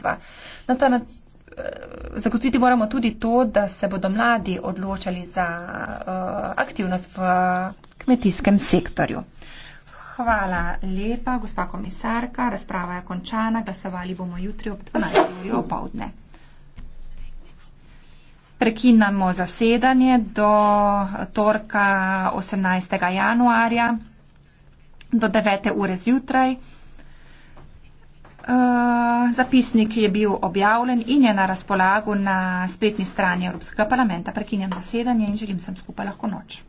ljudstva. Na ta način eh, zagotoviti moramo tudi to, da se bodo mladi odločali za uh, aktivnost v eh, kmetijskem sektorju. Hvala lepa, gospa komisarka. Razprava je končana. Glasovali bomo jutri ob 12. uri opovdne. Prekinamo zasedanje do torka 18. januarja do 9. ure zjutraj zapisnik je bil objavljen in je na razpolago na spletni strani Evropskega parlamenta. Prekinjam zasedanje in želim sem skupaj lahko noč.